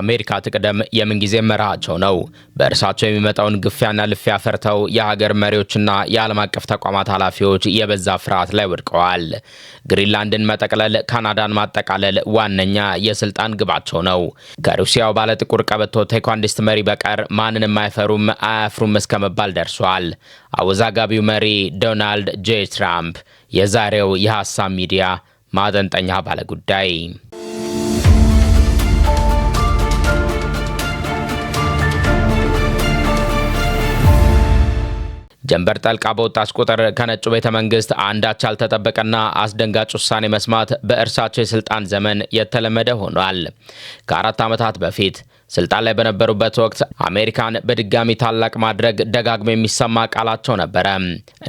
አሜሪካ ትቅደም የምንጊዜ መርሃቸው ነው። በእርሳቸው የሚመጣውን ግፊያና ልፊያ ፈርተው የሀገር መሪዎችና የዓለም አቀፍ ተቋማት ኃላፊዎች የበዛ ፍርሃት ላይ ወድቀዋል። ግሪንላንድን መጠቅለል፣ ካናዳን ማጠቃለል ዋነኛ የስልጣን ግባቸው ነው። ከሩሲያው ባለጥቁር ቀበቶ ቴኳንዲስት መሪ በቀር ማንንም አይፈሩም አያፍሩም እስከ መባል ደርሷል። አወዛጋቢው መሪ ዶናልድ ጄ ትራምፕ የዛሬው የሀሳብ ሚዲያ ማጠንጠኛ ባለ ጉዳይ ጀንበር ጠልቃ በወጣች ቁጥር ከነጩ ቤተ መንግስት አንዳች ያልተጠበቀና አስደንጋጭ ውሳኔ መስማት በእርሳቸው የስልጣን ዘመን የተለመደ ሆኗል። ከአራት ዓመታት በፊት ስልጣን ላይ በነበሩበት ወቅት አሜሪካን በድጋሚ ታላቅ ማድረግ ደጋግሞ የሚሰማ ቃላቸው ነበረ።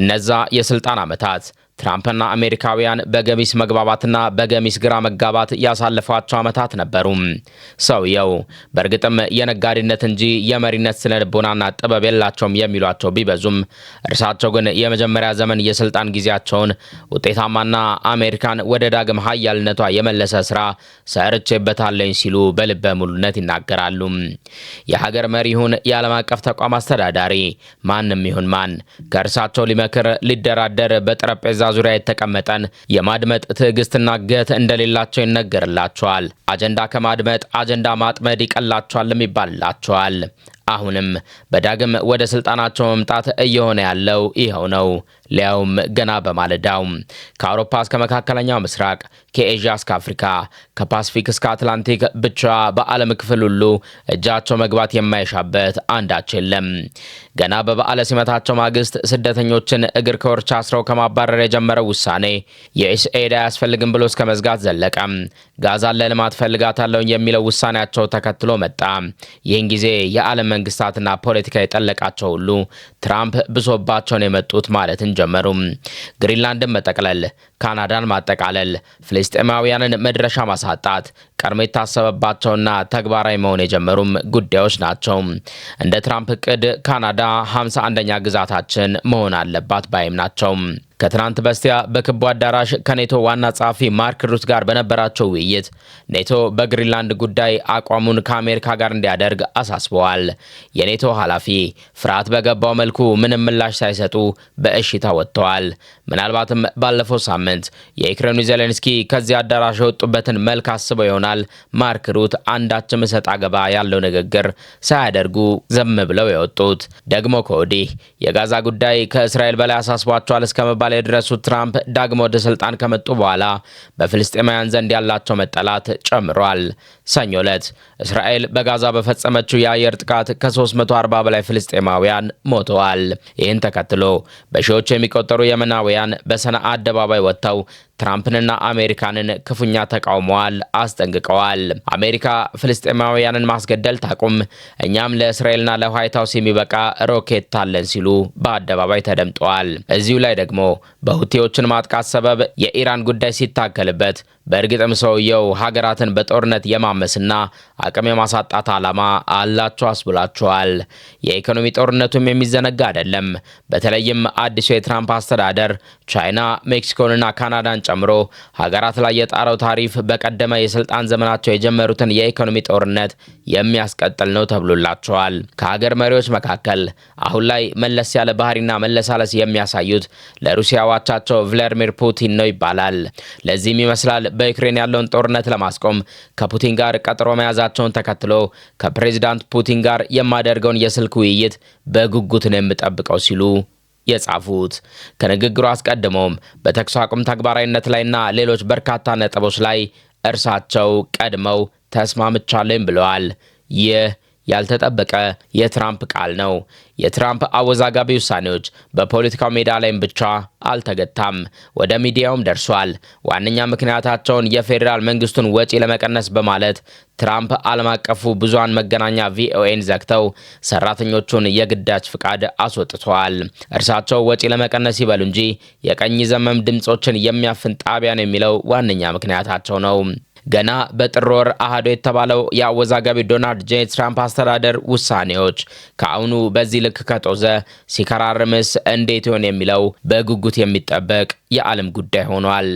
እነዛ የስልጣን ዓመታት ትራምፕና አሜሪካውያን በገሚስ መግባባትና በገሚስ ግራ መጋባት ያሳለፏቸው ዓመታት ነበሩ። ሰውየው በእርግጥም የነጋዴነት እንጂ የመሪነት ስነ ልቦናና ጥበብ የላቸውም የሚሏቸው ቢበዙም እርሳቸው ግን የመጀመሪያ ዘመን የስልጣን ጊዜያቸውን ውጤታማና አሜሪካን ወደ ዳግም ሀያልነቷ የመለሰ ስራ ሰርቼበታለኝ ሲሉ በልበ ሙሉነት ይናገራሉ። የሀገር መሪ ይሁን የዓለም አቀፍ ተቋም አስተዳዳሪ፣ ማንም ይሁን ማን ከእርሳቸው ሊመክር ሊደራደር በጠረጴዛ ዙሪያ የተቀመጠን የማድመጥ ትዕግስትና ግት እንደሌላቸው ይነገርላቸዋል። አጀንዳ ከማድመጥ አጀንዳ ማጥመድ ይቀላቸዋልም ይባልላቸዋል። አሁንም በዳግም ወደ ስልጣናቸው መምጣት እየሆነ ያለው ይኸው ነው። ሊያውም ገና በማለዳው ከአውሮፓ እስከ መካከለኛው ምስራቅ፣ ከኤዥያ እስከ አፍሪካ፣ ከፓስፊክ እስከ አትላንቲክ ብቻ በዓለም ክፍል ሁሉ እጃቸው መግባት የማይሻበት አንዳች የለም። ገና በበዓለ ሲመታቸው ማግስት ስደተኞችን እግር ከወርቻ አስረው ከማባረር የጀመረው ውሳኔ የኢስኤድ አያስፈልግም ብሎ እስከ መዝጋት ዘለቀ። ጋዛን ለልማት ፈልጋታለውን የሚለው ውሳኔያቸው ተከትሎ መጣ። ይህን ጊዜ የዓለም መንግስታትና ፖለቲካ የጠለቃቸው ሁሉ ትራምፕ ብሶባቸውን የመጡት ማለት እንጂ ጀመሩ ግሪንላንድን መጠቅለል፣ ካናዳን ማጠቃለል፣ ፍልስጤማውያንን መድረሻ ማሳጣት ቀድሞ የታሰበባቸውና ተግባራዊ መሆን የጀመሩም ጉዳዮች ናቸው። እንደ ትራምፕ እቅድ ካናዳ 51ኛ ግዛታችን መሆን አለባት ባይም ናቸው። ከትናንት በስቲያ በክቡ አዳራሽ ከኔቶ ዋና ጸሐፊ ማርክ ሩት ጋር በነበራቸው ውይይት ኔቶ በግሪንላንድ ጉዳይ አቋሙን ከአሜሪካ ጋር እንዲያደርግ አሳስበዋል። የኔቶ ኃላፊ ፍርሃት በገባው መልኩ ምንም ምላሽ ሳይሰጡ በእሽታ ወጥተዋል። ምናልባትም ባለፈው ሳምንት የዩክሬኑ ዜሌንስኪ ከዚህ አዳራሽ የወጡበትን መልክ አስበው ይሆናል ማርክ ሩት አንዳችም እሰጥ አገባ ያለው ንግግር ሳያደርጉ ዘም ብለው የወጡት። ደግሞ ከወዲህ የጋዛ ጉዳይ ከእስራኤል በላይ አሳስቧቸዋል እስከመባል ላይ የደረሱት ትራምፕ ዳግመ ወደ ስልጣን ከመጡ በኋላ በፍልስጤማውያን ዘንድ ያላቸው መጠላት ጨምሯል። ሰኞ ዕለት እስራኤል በጋዛ በፈጸመችው የአየር ጥቃት ከ340 በላይ ፍልስጤማውያን ሞተዋል። ይህን ተከትሎ በሺዎች የሚቆጠሩ የመናውያን በሰነአ አደባባይ ወጥተው ትራምፕንና አሜሪካንን ክፉኛ ተቃውመዋል፣ አስጠንቅቀዋል። አሜሪካ ፍልስጤማውያንን ማስገደል ታቁም፣ እኛም ለእስራኤልና ለዋይት ሀውስ የሚበቃ ሮኬት አለን ሲሉ በአደባባይ ተደምጠዋል። እዚሁ ላይ ደግሞ በሁቴዎችን ማጥቃት ሰበብ የኢራን ጉዳይ ሲታከልበት በእርግጥም ሰውየው ሀገራትን በጦርነት የማመስና አቅም የማሳጣት ዓላማ አላቸው አስብሏቸዋል። የኢኮኖሚ ጦርነቱም የሚዘነጋ አይደለም። በተለይም አዲሱ የትራምፕ አስተዳደር ቻይና ሜክሲኮንና ካናዳን ጨምሮ ሀገራት ላይ የጣለው ታሪፍ በቀደመ የስልጣን ዘመናቸው የጀመሩትን የኢኮኖሚ ጦርነት የሚያስቀጥል ነው ተብሎላቸዋል። ከሀገር መሪዎች መካከል አሁን ላይ መለስ ያለ ባህሪና መለሳለስ የሚያሳዩት ለሩሲያ ዋቻቸው ቭላዲሚር ፑቲን ነው ይባላል። ለዚህም ይመስላል በዩክሬን ያለውን ጦርነት ለማስቆም ከፑቲን ጋር ቀጥሮ መያዛቸውን ተከትሎ ከፕሬዚዳንት ፑቲን ጋር የማደርገውን የስልክ ውይይት በጉጉት ነው የምጠብቀው ሲሉ የጻፉት። ከንግግሩ አስቀድሞም በተኩስ አቁም ተግባራዊነት ላይና ሌሎች በርካታ ነጥቦች ላይ እርሳቸው ቀድመው ተስማምቻለኝ ብለዋል። ይህ ያልተጠበቀ የትራምፕ ቃል ነው። የትራምፕ አወዛጋቢ ውሳኔዎች በፖለቲካው ሜዳ ላይም ብቻ አልተገታም፣ ወደ ሚዲያውም ደርሷል። ዋነኛ ምክንያታቸውን የፌዴራል መንግስቱን ወጪ ለመቀነስ በማለት ትራምፕ ዓለም አቀፉ ብዙሃን መገናኛ ቪኦኤን ዘግተው ሰራተኞቹን የግዳጅ ፍቃድ አስወጥተዋል። እርሳቸው ወጪ ለመቀነስ ይበሉ እንጂ የቀኝ ዘመም ድምፆችን የሚያፍን ጣቢያ ነው የሚለው ዋነኛ ምክንያታቸው ነው። ገና በጥር ወር አህዶ የተባለው የአወዛጋቢ ዶናልድ ጄ ትራምፕ አስተዳደር ውሳኔዎች ከአሁኑ በዚህ ልክ ከጦዘ ሲከራርምስ እንዴት ይሆን የሚለው በጉጉት የሚጠበቅ የዓለም ጉዳይ ሆኗል።